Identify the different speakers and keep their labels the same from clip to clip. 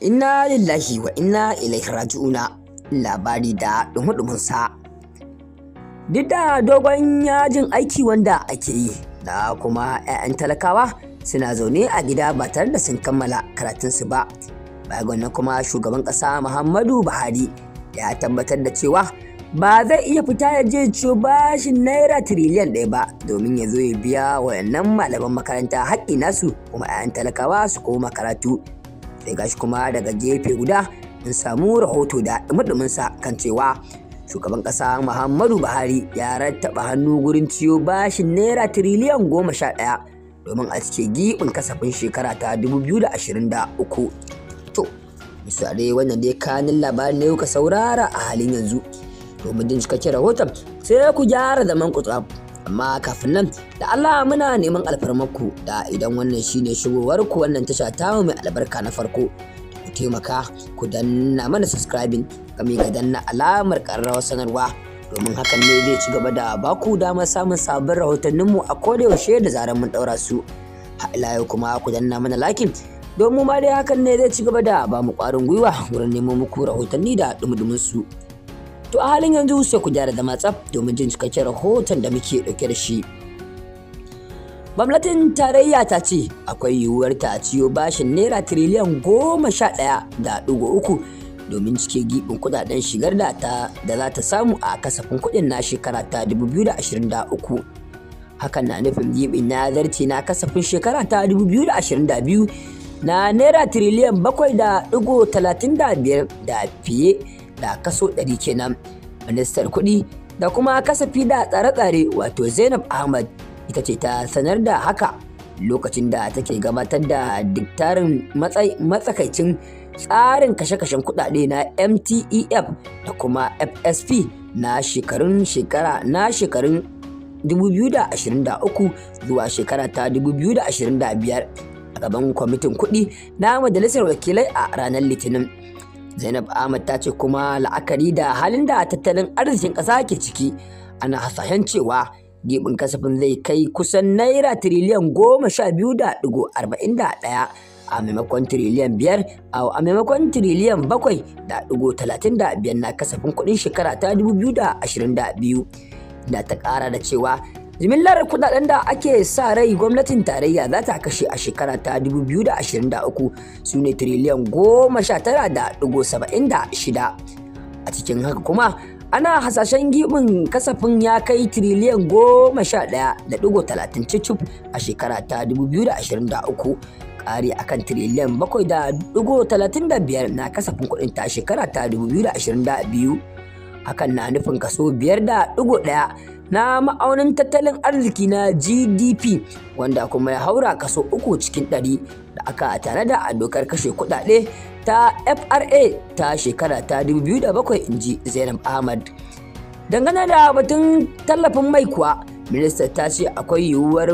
Speaker 1: Inna lillahi wa inna ilaihi raji'una labari da dumudumunsa. Duk da dogon yajin aiki wanda ake yi da kuma 'ya'yan talakawa suna zaune a gida ba tare da sun kammala karatunsu ba. Bayan kuma shugaban ƙasa Muhammadu Buhari ya tabbatar da cewa ba zai iya fita ya je ciyo bashin naira tiriliyan ɗaya ba domin ya zo ya biya wayannan malaman makaranta haƙƙi nasu kuma 'ya'yan talakawa su koma karatu. sai gashi kuma daga gefe guda in samu rahoto da sa kan cewa shugaban ƙasa muhammadu buhari ya rattaba hannu gurin ciyo bashin naira tiriliyan goma sha ɗaya domin a cike giɓin kasafin shekara ta 2023 to misali wannan dai kanin labarin ne ka saurara a halin yanzu domin jin cikakken rahoton sai ku gyara zaman kutsaf amma kafin nan da Allah muna neman alfarmarku da idan wannan shine shigowar ku wannan tasha ta mai albarka na farko ku taimaka ku danna mana subscribing game ga danna alamar karrawa sanarwa domin hakan ne zai ci gaba da baku damar samun sabbin mu a yaushe da zarar mun ɗaura su ila yau kuma ku danna mana lakin domin ma dai hakan ne zai ci gaba da ba mu ƙwarin gwiwa wurin neman muku rahotanni da dumudumin su. to a halin yanzu sai ku gyara zama tsaf domin jin cikakken rahoton da muke ɗauke da shi gwamnatin tarayya ta ce akwai yiwuwar ta ciyo bashin naira tiriliyan goma sha ɗaya da ɗigo uku domin cike giɓin kudaden shigar da ta da za ta samu a kasafin kuɗin na shekara ta dubu biyu da da ashirin uku hakan na nufin giɓin na zarce na kasafin shekara ta dubu biyu da da ashirin biyu na naira tiriliyan bakwai da ɗigo talatin da biyar da fiye da kaso 100 kenan ministar kuɗi da kuma kasafi da tsare-tsare wato zainab ahmad ita ce ta sanar da haka lokacin da take gabatar da diktarin matsakaicin tsarin kashe-kashen kudade na mtef da kuma fsp na shekarun shekara na shekarun 2023 zuwa shekara ta 2025 a gaban kwamitin kudi na majalisar wakilai a ranar litinin zainab ahmad ta ce kuma la'akari da halin da tattalin arzikin ƙasa ke ciki ana hasashen cewa gibin kasafin zai kai kusan naira tiriliyan goma sha biyu da ɗigo arba'in da ɗaya a maimakon tiriliyan biyar a maimakon tiriliyan bakwai da ɗigo talatin da biyar na kasafin kuɗin shekara ta dubu biyu da ashirin da biyu da ta ƙara da cewa jimillar kudaden da ake sa rai gwamnatin tarayya za ta kashe a shekara ta 2023 su ne tiriliyan 19.76 a cikin haka kuma ana hasashen gibin kasafin ya kai tiriliyan 11.30 a shekara ta 2023 ƙari a kan tiriliyan 7.35 na kasafin kuɗin ta shekara ta 2022 hakan na nufin kaso 5.1 na ma'aunin tattalin arziki na GDP wanda kuma ya haura kaso uku cikin ɗari da aka tanada a dokar kashe kuɗaɗe ta FRA ta shekara ta 2007 inji Zainab Ahmad. Dangane da batun tallafin mai kuwa, minista ta ce akwai yiwuwar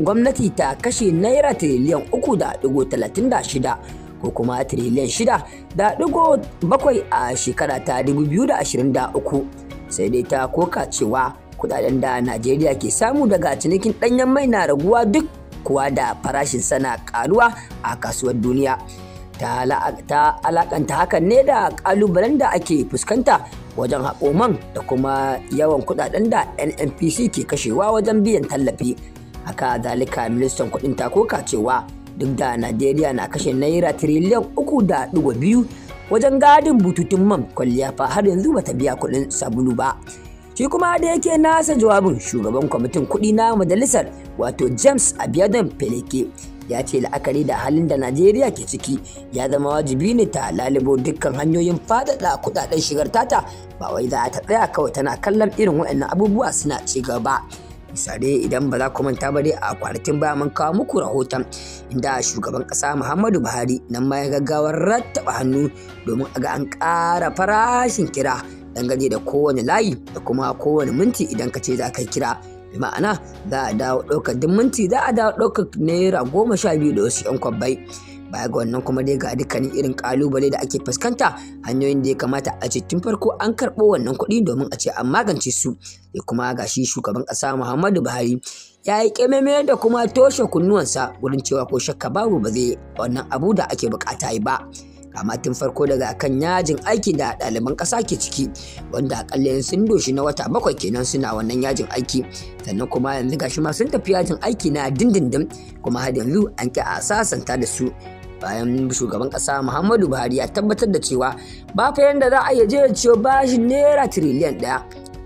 Speaker 1: gwamnati ta kashe naira tiriliyan 3.36 ko kuma tiriliyan 6.7 a shekara ta 2023. sai dai ta koka cewa kudaden da najeriya ke samu daga cinikin ɗanyen mai na raguwa duk kuwa da farashin sana karuwa a kasuwar duniya ta alakanta hakan ne da ƙalubalen da ake fuskanta wajen haƙoman da kuma yawan kudaden da nnpc ke kashewa wajen biyan tallafi haka zalika ministan kudin takoka cewa duk da najeriya na kashe naira tiriliyan uku da ɗigo biyu wajen gadin bututun man kwalliya fa har yanzu bata biya kuɗin sabulu ba shi kuma da yake nasa jawabin shugaban kwamitin kuɗi na majalisar wato james abiodun Peleke ya ce la'akari da halin da najeriya ke ciki ya zama wajibi ne ta lalibo dukkan hanyoyin faɗaɗa kuɗaɗen shigar tata ba wai za ta tsaya kawai tana kallon irin waɗannan abubuwa suna ci gaba bisa idan ba za ku manta ba dai a kwanakin baya mun kawo muku rahoton inda shugaban kasa muhammadu buhari nan ma ya gaggawar rattaba hannu domin a ga an ƙara farashin kira dangane da kowane layi da kuma kowane minti idan ka ce za ka kira bi ma'ana za a dawo ɗaukar duk minti za a dawo ɗaukar naira goma sha biyu da wasu 'yan kwabbai baya ga wannan kuma dai ga dukkanin irin kalubale da ake fuskanta hanyoyin da ya kamata a ce tun farko an karɓo wannan kuɗi domin a ce an magance su ya kuma ga shi shugaban kasa muhammadu buhari ya yi ƙememe da kuma toshe kunnuwansa wurin cewa ko shakka babu ba zai wannan abu da ake buƙata yi ba kama tun farko daga kan yajin aiki da ɗaliban ƙasa ke ciki wanda akalla sun doshi na wata bakwai kenan suna wannan yajin aiki sannan kuma yanzu gashi ma sun tafi yajin aiki na dindindin kuma har yanzu an ƙi a sasanta da su bayan shugaban ƙasa muhammadu buhari ya tabbatar da cewa ba fa yanda za a je ya ciyo bashin naira tiriliyan ɗaya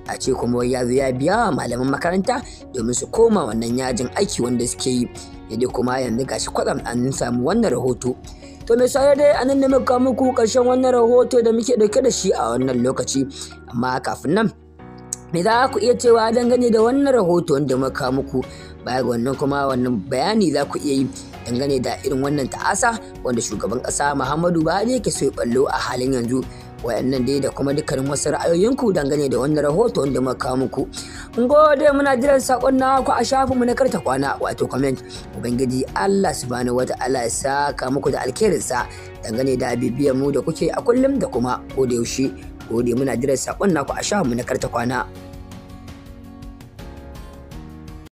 Speaker 1: a ce kuma ya zo ya biya wa malaman makaranta domin su koma wannan yajin aiki wanda suke yi dai kuma yanzu gashi kwatsam an samu wannan rahoto to me sai dai anan ne muka muku karshen wannan rahoto da muke dauke da shi a wannan lokaci amma kafin nan me za ku iya cewa dangane da wannan rahoto wanda muka muku baya ga wannan kuma wannan bayani za ku iya yi dangane da irin wannan ta'asa wanda shugaban ƙasa Muhammadu Buhari ke so ya ballo a halin yanzu wayannan dai da kuma dukkanin wasu ra'ayoyinku dangane da wannan rahoton da muka kawo muku gode muna jiran sakon naku a shafin mu na karta kwana wato comment ubangiji Allah subhanahu wata'ala ya saka muku da sa dangane da bibiyar mu da kuke a kullum da kuma kodayaushe. gode muna jiran sakon naku a shafin mu na karta kwana